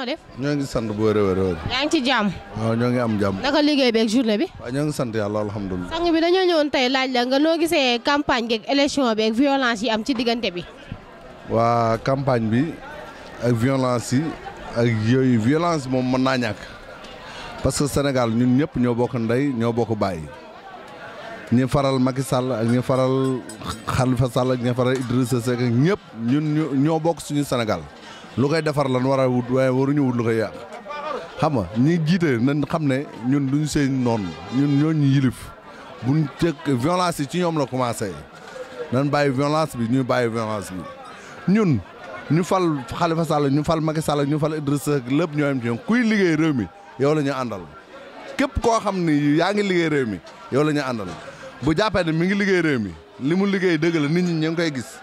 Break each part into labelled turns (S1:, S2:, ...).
S1: noo def.
S2: ñoo ngi sant bu wërëwër wër. ngi ci jàmm. waaw ñoo ngi am jàmm. naka liggéey beeg journée bi. waaw ñoo ngi sant yàlla alhamdulilah.
S1: sang bi dañoo ñëwoon tey laaj la nga noo gisee campagne geeg élection beeg violence yi am ci diggante bi.
S2: waa campagne bi ak violence yi ak yooyu violence moom mën naa ñàkk parce que Sénégal ñun ñëpp ñoo bokk ndey ñoo bokk bàyyi ñi faral Macky Sall ak ñi faral Khalifa ñi faral Idrissa Seck ak ñun ñoo bokk suñu Sénégal. lu koy defar lan war wut waaye waruñu wut lu koy yàq xam nga ñi jiite nañ xam ne ñun duñ seen noonu ñun ñooñu yilif buñ jëkk violence yi ci ñoom la commencé nañ bàyyi violence bi ñu bàyyi violence yi ñun ñu fal Khalifa Sall ñu fal Macky Sall ñu fal Idrissa Seck lépp ñoo am ci ñoom kuy liggéey réew mi yow la ñu àndal képp koo xam ni yaa ngi liggéey réew mi yow lañu ñu àndal bu jàppee ne mi ngi liggéey réew mi li mu liggéey dëgg la nit ñi ñu ngi koy gis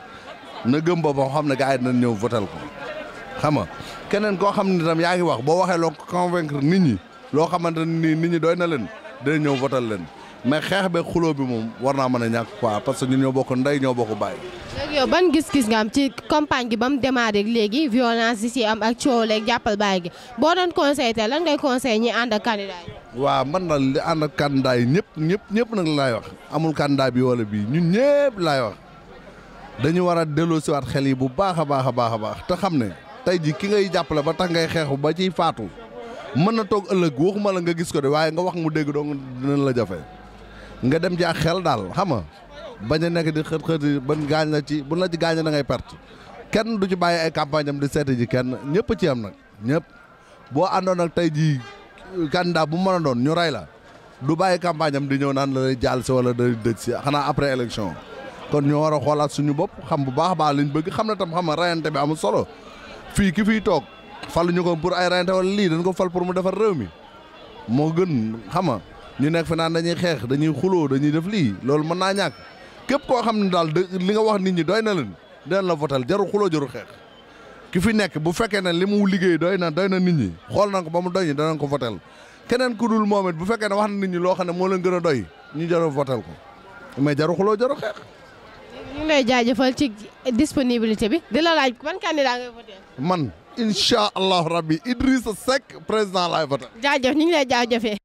S2: na gëm boppam xam ne gars yi dinañ ñëw votel ko xam nga keneen koo xam ne tam yaa ngi wax boo waxee loo convaincre nit ñi loo xamante ni nit ñi doy na leen day ñëw votal leen mais xeex beeg xuloo bi moom war naa mën a ñàkk quoi parce que ñun ñoo bokk ndey ñoo bokk bàyyi.
S1: léegi yow ban gis-gis nga am ci campagne gi ba mu démarré léegi violence yi si am ak coow leeg jàppal bàyyi gi boo doon conseil tey lan ngay conseil ñi ànd ak candidat
S2: yi. waaw man daal li ànd ak candidat yi ñëpp ñëpp ñëpp nag laay wax amul candidat bi wala bii ñun ñëpp laay dañu war a delloosiwaat xel yi bu baax a baax a baax a tey ji ki ngay jàppale ba tax ngay xeexu ba ciy faatu mën na toog ëllëg waxuma la nga gis ko de waaye nga wax mu dégg dong nan la jafe nga dem ci ak xel daal xam nga bañ a nekk di xët xët ban gaañ la ci buñ la ci gaañ da ngay perte kenn du ci bàyyi ay campagne am di seeti ji kenn ñëpp ci am nag ñëpp boo àndoon ak tey jii candidat bu mën a doon ñu rey la du bàyyi campagne am di ñëw naan la lay jaal si wala day dëj si xanaa après élection kon ñu war a xoolaat suñu bopp xam bu baax baax liñ bëgg xam na tam xam nga rayante bi amul solo fii ki fiy toog fal ñu ko pour ay rayante wala lii dañ ko fal pour mu defar réew mi moo gën xam nga ñu nekk fi naan dañuy xeex dañuy xuloo dañuy def lii loolu mën naa ñàkk képp koo xam ne daal li nga wax nit ñi doy na leen dinañ la votal jaru xuloo jaru xeex ki fi nekk bu fekkee ne li mu liggéey doy na doy na nit ñi xool nañ ko ba mu doy ñi danañ ko voteel keneen ku dul moom it bu fekkee ne wax na nit ñi loo xam ne moo leen gën a doy ñu jaru voteel ko mais jaru xuloo jaru xeex
S1: ngi lay jaajëfal ci disponibilité bi di la laaj ban candidat ngay voté. man incha
S2: allahu rabbi Idrissa Seck président laay voté.
S1: jaajëf ñu ngi lay jaajëfee.